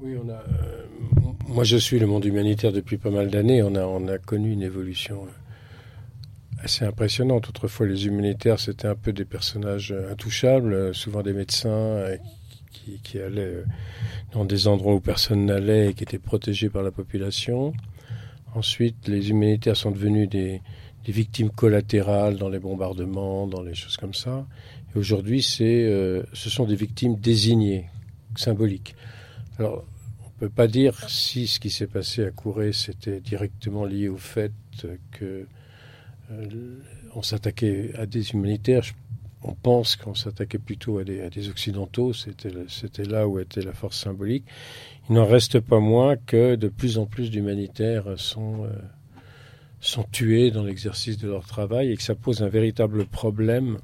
Oui, euh, moi je suis le monde humanitaire depuis pas mal d'années. On a, connu une évolution euh, assez impressionnante. Autrefois, les humanitaires, c'était un peu des personnages euh, intouchables, souvent des médecins qui, allaient dans des endroits où personne n'allait et qui étaient protégés par la population. Ensuite, les humanitaires sont devenus des, victimes collatérales dans les bombardements, dans les choses comme ça. Et aujourd'hui, ce sont des victimes désignées, symboliques. Alors, on ne peut pas dire si ce qui s'est passé à Kouré, c'était directement lié au fait qu'on euh, s'attaquait à des humanitaires. on pense qu'on s'attaquait plutôt à des, Occidentaux. C'était là où était la force symbolique. Il n'en reste pas moins que de plus en plus d'humanitaires sont, euh, sont tués dans l'exercice de leur travail et que ça pose un véritable problème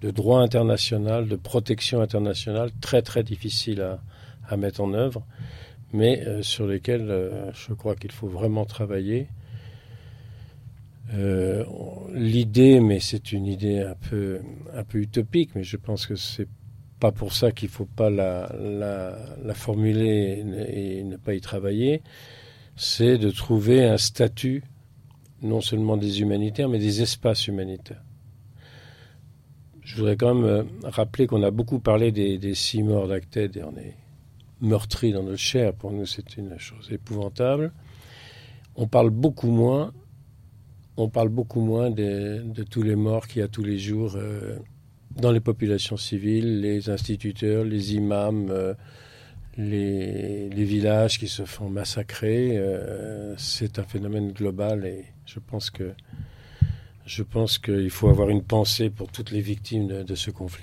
de droit international, de protection internationale très très difficile à, à mettre en œuvre, mais euh, sur lesquels euh, je crois qu'il faut vraiment travailler. Euh, l'idée, mais c'est une idée un peu, un peu utopique, mais je pense que c'est pas pour ça qu'il faut pas la, formuler et, ne pas y travailler, c'est de trouver un statut non seulement des humanitaires, mais des espaces humanitaires. Je voudrais quand même rappeler qu'on a beaucoup parlé des, six morts d'Acted et meurtri dans notre chair. Pour nous, c'est une chose épouvantable. On parle beaucoup moins, on parle beaucoup moins de, tous les morts qu'il y a tous les jours euh, dans les populations civiles, les instituteurs, les imams, euh, les, villages qui se font massacrer. Euh, c'est un phénomène global et je pense que je pense qu'il faut avoir une pensée pour toutes les victimes de ce conflit.